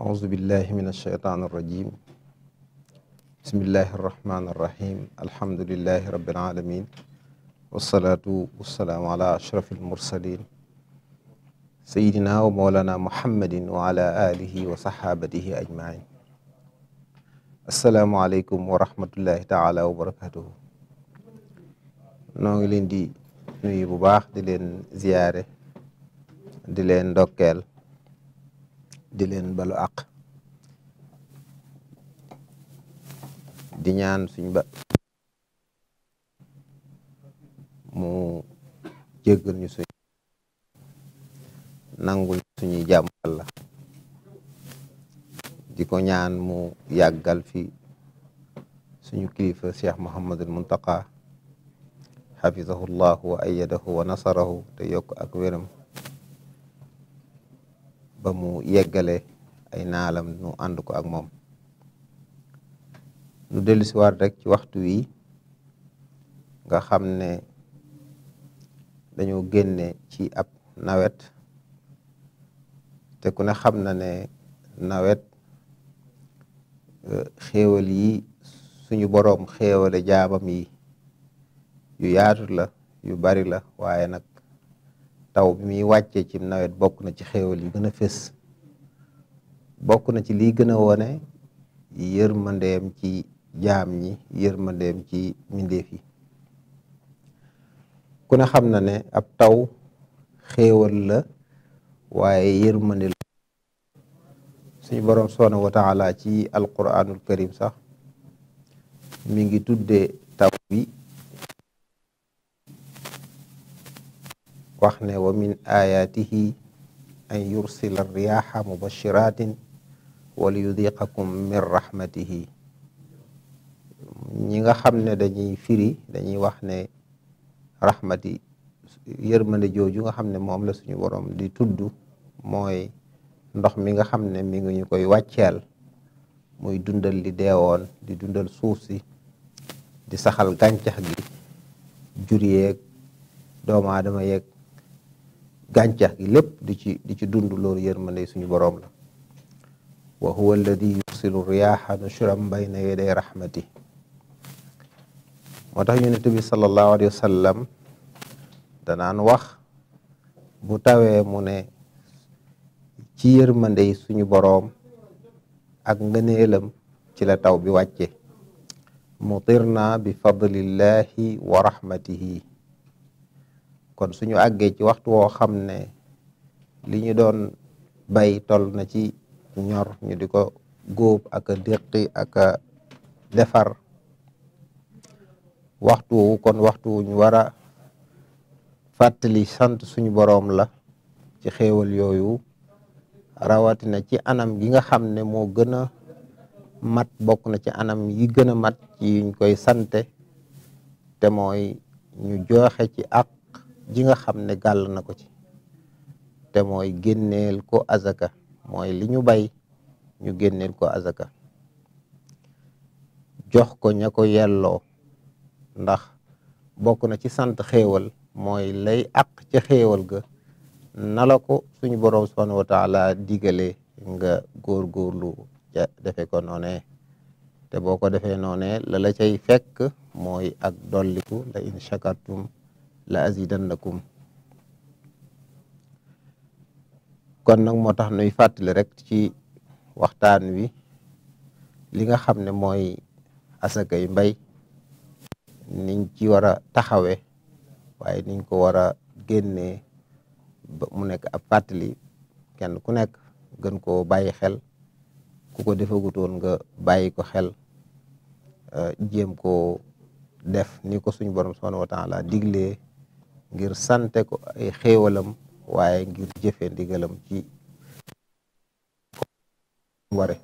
أعوذ بالله من الشيطان الرجيم بسم الله الرحمن الرحيم الحمد لله رب العالمين والصلاة والسلام على أشرف المرسلين سيدنا ومولانا محمد وعلى آله وصحابته أجمعين السلام عليكم ورحمة الله تعالى وبركاته noo ngi leen di nuyu bu baax di leen ziyaare di leen ndokkeel di leen balu àq di ñaan suñ ba mu jéggal ñu suñ nangul suñuy jàmm yàlla di ko ñaan mu yàggal fi suñu kilifa mu Cheikh Mouhamadul Mountakha xafidahu llahu wa ayadahu wa nasarahu te yokk ak wéram ba mu yeggale ay naalam nu ànd ko ak moom nu dellusiwaat rekk ci waxtu wi nga xam ne dañoo génne ci ab nawet te ku ne xam na ne nawet euh, xéewal yi suñu boroom xéewale jaamam yi yu yaatu la yu bari la waaye nag taw mi muy wàccee ci nawet bokk na ci xéewal yi gën a fes bokk na ci li gën a wone yërmandeem ci jaam ñi yërmandeem ci mbindeef yi ku ne xam na ne ab taw xéewal la waaye yërmande la suñu boroom subhaanahu wa taala ci alquranul karim sax mi ngi tudde taw bi wax ne wa min ayaatihi an yursila riyaha mubashiratin wal yudiqakum min rahmatihi ñi nga xam ne dañuy firi dañuy wax ne rahmati yërmande jooju nga xam ne moom la suñu borom di tudd mooy ndox mi nga xam ne mi ngi ñu koy wàcceel muy dundal li deewoon di dundal suuf si di saxal gàncax gi jur yeeg doomu aadama gàncax gi lépp di ci di ci dund loolu yërmande suñu boroom la wa huwa alladi yursilu riyaha nushran bayna yaday rahmati moo tax yonent bi sallallahu alayhi wa sallam danaan wax bu tawee mu ne ci yërmande suñu boroom ak ngëneelam ci la taw bi wàcce mutirna bi fadlillahi wa rahmatihi kon suñu àggee ci waxtu woo xam ne li ñu doon bay tol na ci ñor ñu di ko góob ak a déqi defar waxtu wu kon waxtu wu ñu war a fàttali sant suñu boroom la ci xéewal yooyu rawatina ci anam gi nga xam ne moo gën mat bokk na ci anam yi gën a mat ci yuñ koy sante te mooy ñu joxe ci àq jinga nga xam ne gàll na ko ci te mooy génneel ko azaka mooy li ñu bay ñu génneel ko azaka jox ko ña ko yelloo ndax bokk na ci sant xéewal mooy lay àq ca xéewal ga nala ko suñu boroom subhanahu wa digale nga góorgóorlu ca defe ko noonee te boo ko defee noonee la la cay fekk mooy ak dolliku la in shakartum la azidannakum kon nag moo tax nuy fàttali rek ci waxtaan wi li nga xam ne mooy asakay mbay niñ ci war a taxawe waaye niñ ko war a génnee ba mu nekk ab fàttali kenn ku nekk gën koo bàyyi xel ku ko defagutoon nga bàyyi ko xel eh, jéem koo def ni ko suñu borom subhanahu wa la digle ngir sante ko ay xéewalam waaye ngir jëfe ndigalam ci ware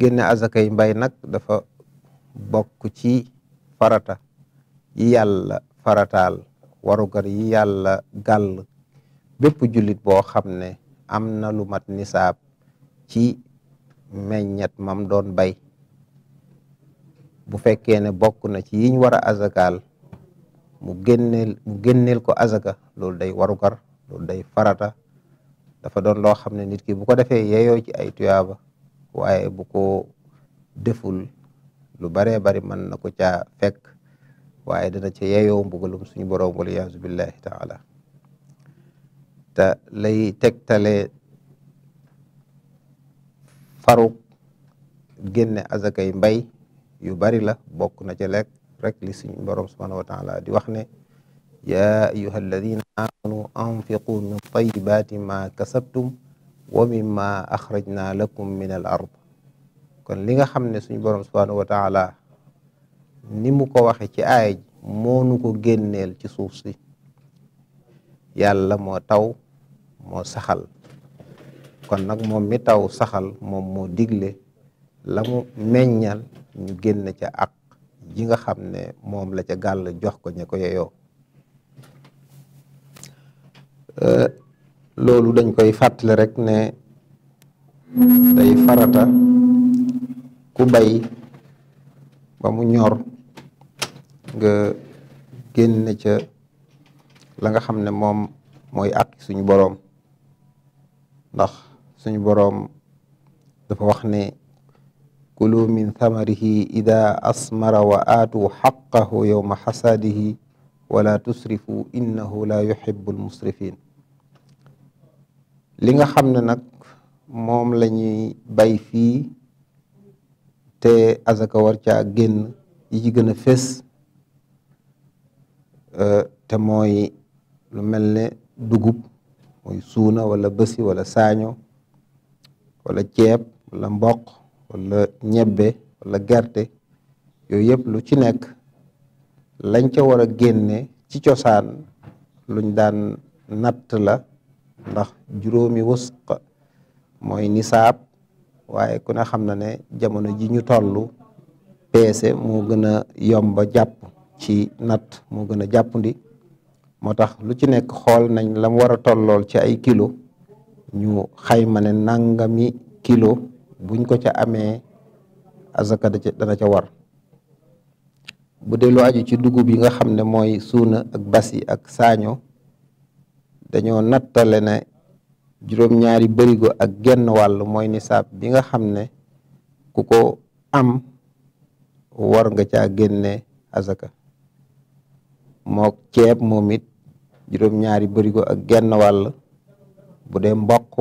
génne azakay mbay nag dafa bokk ci farata yi yàlla farataal warugar yi yàlla gàll bépp jullit boo xam ne am na lu mat nisaab ci meññet mam doon bay bu fekke ne bokk na ci yiñ wara a azakal mu génneel génneel ko azaka loolu day warugar loolu day farata dafa doon loo xam ne nit ki bu ko defee yeeyoo ci ay tuyaaba waaye bu ko deful lu baree bari mën na ko caa fekk waaye dana ca yeeyoo mbugalum suñu borom wala yaasu billahi taala te lay tegtale faruk génne azakay mbay yu bari la bokk na ca lekk rek li suñu borom subhaanahu wa di wax ne yaa ayyuha alladina amanu anfiqu min tayibaati ma kasabtum wa mimma axrajna lakum min al kon li nga xam ne suñu borom subhaanahu wa ni mu ko waxe ci aaya ji moonu ko génneel ci suuf si yàlla moo taw moo saxal kon nag moom mi taw saxal moom moo digle la mu meññal ñu génn ca ak ji nga xam ne moom la ca gàll jox ko ña ko yeyoo euh, loolu dañ koy fàttali rek ne day farata ku bay ba mu ñor nga génne ca la nga xam ne moom mooy àq suñu boroom ndax suñu boroom dafa wax ne kulu min thamarihi ida asmara wa aatu xaqahu yowma wala tusrifu innahu la yuhibu almusrifin li nga xam ne nag moom la ñuy bay fii te azaka war caa génn yi ci gën a fés euh, te mooy lu mel ni dugub mooy suuna wala bësi wala saaño wala ceeb wala mboq wala ñebbe wala gerte yooyu yëpp lu ci nekk lañ ca war a génne ci cosaan luñ daan natt la ndax juróomi wusq mooy nisaab waaye ku ne xam na ne jamono ji ñu tollu peese moo gën yomba jàpp ci natt moo gën a jàppandi moo tax lu ci nekk xool nañ lam war a tollool ci ay kilo ñu xayma ne nangami kilo buñ ko ca amee azaka dana ca war bu dee lu ci dugub yi nga xam ne mooy suuna ak basi ak saaño dañoo nattale ne juróom-ñaari bërigo ak genn wàll mooy nisaab bi nga xam ne ku ko am war nga caa génne azaka mook ceeb moom it juróom-ñaari ak genn wàll bu dee mboq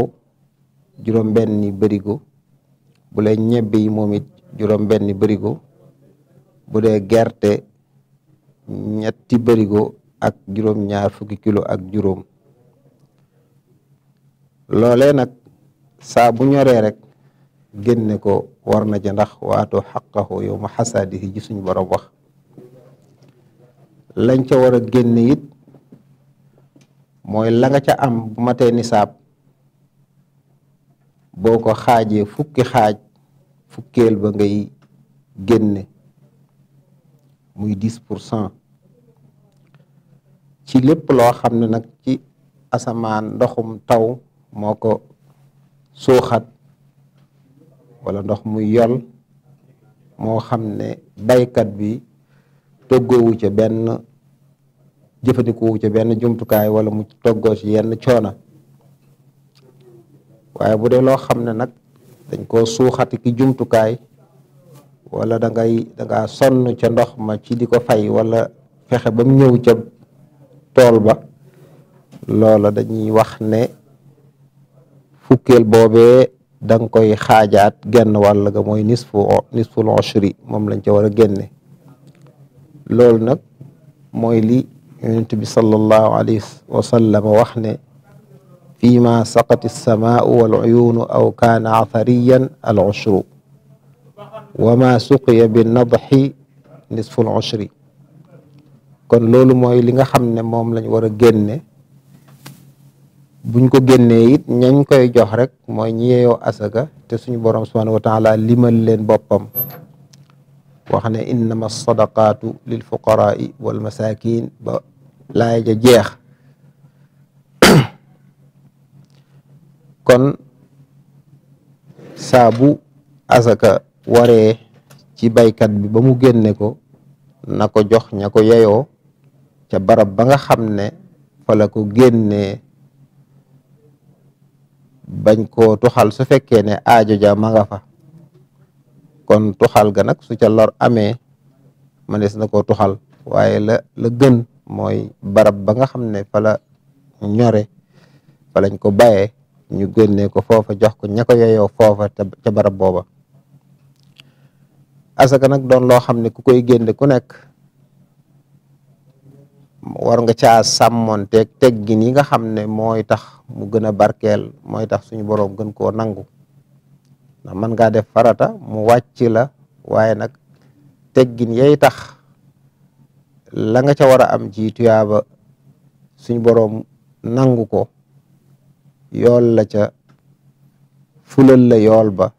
juróom-benni bërigo bu dee ñebbe yi moom it juróom benni bërigo bu dee gerte ñetti bërigo ak juróom ñaar fukki kilo ak juróom loole nag saa ñoree rek génne ko war na ja ndax waatoo xaqahu yow ma xasaadihi ji suñ borom wax lañ ca war a génn mooy la nga ca am mate matee nisaab boo ko xaajee fukki xaaj fukkeel ba ngay génne muy dix pour cent ci lépp loo xam ne nag ci asamaan ndoxum taw moo ko suuxat wala ndox muy yol moo xam ne baykat bi toggoowu ca benn jëfandikoowu ca benn jumtukaay wala mu toggoo ci yenn coona waaye bu dee loo xam ne nag dañ koo suuxati ki jumtukaay wala dangay danga da sonn ca ndox ma ci di ko fay wala fexe ba mu ñëw ca tool ba loola dañuy wax ne fukkeel boobe da koy xaajaat genn wàll ga mooy nisfu nisful ushri moom lañ ce war a génne loolu nag mooy li yonent bi sallallahu alayhi wa wax ne فيما سقت السماء والعيون أو كان عثريا العشر وما سقي بالنضح نصف العشر kon loolu mooy li nga xam ne moom lañ war a génne buñ ko génnee it ñañ koy jox rek mooy ñi yeyoo asaka te suñu borom subhanahu wa taala limal leen boppam wax ne innama sadaqaatu lil fuqaraa wal masakin ba laay ja jeex kon saabu bu asaka waree ci baykat bi ba mu génne ko na ko jox ña ko yeyoo ca barab ba nga xam ne fa la ko génnee bañ ko tuxal su fekkee ne aajo ja ma nga fa kon tuxal ga nag su ca lor amee mënees na koo tuxal waaye la la gën mooy barab ba nga xam ne fala la ñore fa ko bayee ñu génnee ko foofa jox ko ña ko yeyoo foofa ca barab booba asaka nag doon loo xam ne ku koy génne ku nekk war nga caa sàmmonteeg teggin yi nga xam ne mooy tax mu gën a barkeel mooy tax suñu boroom gën koo nangu ndax mën ngaa def farata mu wàcc la waaye nag teggin yay tax la nga ca war a am ji ba suñu boroom nangu ko yool la ca fulal la yool ba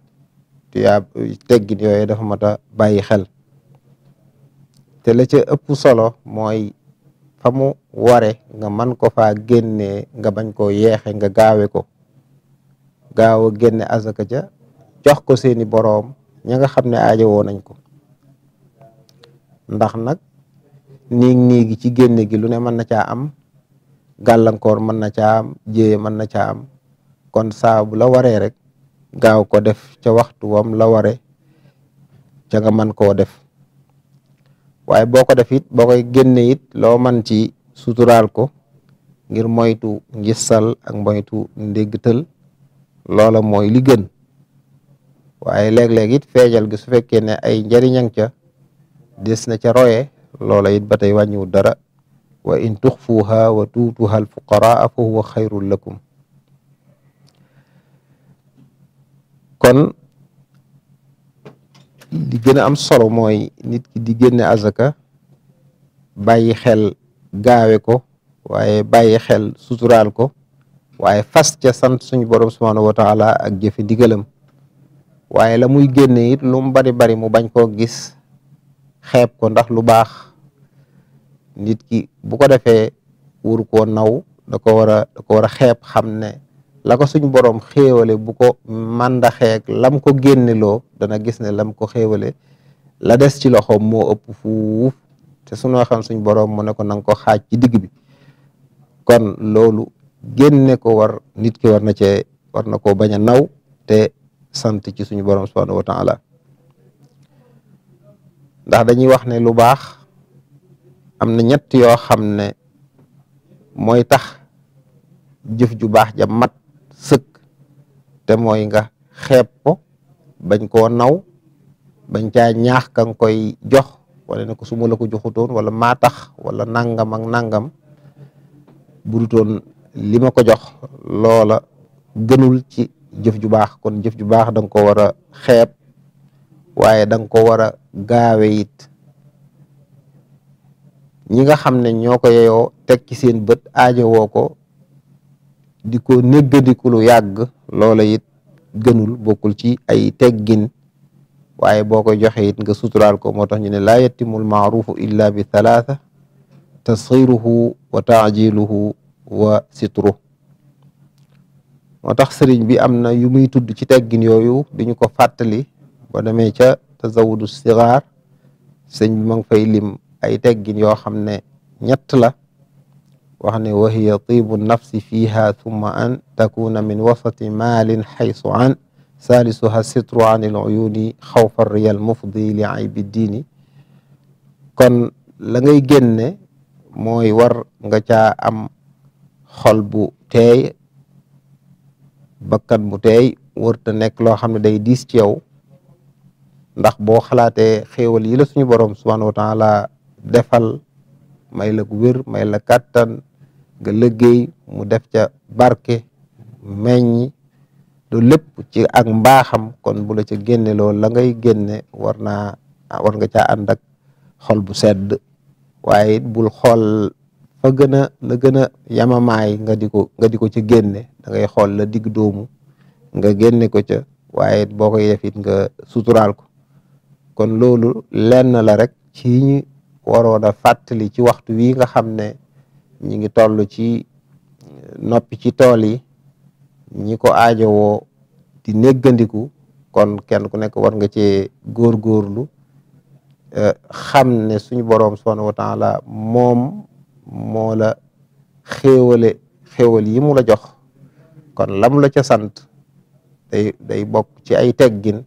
tuyaab teggin yooyu dafa mat a bàyyi xel te la ca ëpp solo mooy fa mu ware nga man ko fa génnee nga bañ koo yeexe nga gaawe ko gaaw a génne azaka ca jox ko seeni boroom ña nga xam ne aajowoo nañ ko ndax nag niig niigi ci génne gi lu ne mën na caa am gàllankoor mën na caa am jéye mën na caa am kon saa bu la waree rek gaaw ko def ca waxtu wam la ware ca nga mën koo def waaye boo ko def it boo koy génne it loo man ci suturaal ko ngir moytu ngissal ak moytu ndéggtal loola mooy li gën waaye léeg-léeg it feejal gi su fekkee ne ay njariñang ca des na ca roye loola it ba tey wàññiwul dara wa in tuxfuuha wa tuutuha alfuqaraa fa huwa xayrun lakum kon li gën a am solo mooy nit ki di génne azaka bàyyi xel gaawe ko waaye bàyyi xel suturaal ko waaye fas ca sant suñu borom subhaanahu wa taala ak jëfe ndigalam waaye la muy génne it lu mu bari mu bañ koo gis xeeb ko ndax lu baax nit ki bu ko defee wur ko naw da ko war a da ko war a xeeb xam ne la ko suñ borom xéewale bu ko màndaxeeg lam ko génneloo dana gis ne lam ko xéewale la des ci loxoom moo ëpp fuuf te sunoo xam suñ borom mu ne ko nanga ko xaaj ci digg bi kon loolu génne ko war nit ki war na cee war na ko bañ a naw te sant ci suñu borom subhanahu wa taala ndax dañuy wax ne lu baax am na ñett yoo xam ne mooy tax jëf ju baax ja mat sëkk te mooy nga xeeb ko bañ koo naw bañ caa ñax ka nga koy jox wala ne ko su ma la ko joxutoon wala maa tax wala nangam ak nangam budutoon li ma ko jox loola gënul ci jëf ju baax kon jëf ju baax da ko war a xeeb waaye da ko war a gaawe it ñi nga xam ne ñoo ko yeyoo teg seen bët aajowoo ko di ko di lu yàgg loola it gënul bokkul ci ay teggin waaye boo koy joxe it nga suturaal ko moo tax ñu ne laa yettimul maarufu illa bi thalatha tasxiruhu wa taajiluhu wa sitru moo tax sëriñ bi am na yu muy tudd ci teggin yooyu di ñu ko fàttali ba demee ca tazawudu sigaar sëñ bi ma fay lim ay teggin yoo xam ne ñett la wax ne wa hiya tibu nafsi fiha thumma an takuna min wasati maalin xaysu an salisuha sitru an il uyuni xawfa riyal mufdi li aybi diini kon la ngay génne mooy war nga caa am xol bu teey bakkan bu teey wërta nekk loo xam ne day dis ci yow ndax boo xalaatee xéewal yi la suñu borom wa taala defal may la wér may la kàttan nga liggéey mu def ca barke meññ loolu lépp ci ak mbaaxam kon bu la ca génne loolu la ngay génne war naa war nga caa ànd ak xol bu sedd waaye it bul xool fa gën la gën a yamamaay nga di ko nga di ko génne da ngay xool la digg doomu nga génne ko ca waaye boo koy def nga suturaal ko kon loolu lenn la rek ci ñi waroon a fàttali ci waxtu wi nga xam ne ñi ngi tollu ci noppi ci tool yi ñi ko aajowoo di néggandiku kon kenn ku nekk war nga cee góorgóorlu e, xam ne suñu borom subhanahu wa moom moo la xéewale xéewal yi mu la jox kon lam la ca sant day bokk ci ay teggin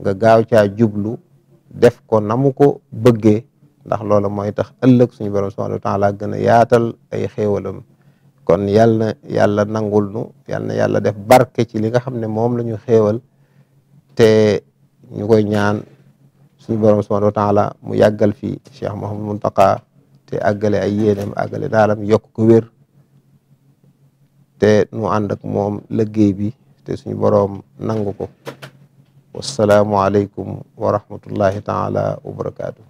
nga gaaw caa jublu def ko namu ko bëggee ndax loolu mooy tax ëllëg suñu borom subhanahu wa taala gën a yaatal ay xéewalam kon yal na yàlla nangul nu yal yàlla def barke ci li nga xam ne moom la ñu xéewal te ñu koy ñaan suñu borom subhanahu wa taala mu yàggal fii Cheikh mu Mountakha te àggale ay yéeneem àggale naalam yokk ko wér te nu ànd moom liggéey bi te suñu boroom nangu ko salaam aleykum wa rahmatullahi taala wa barakaatu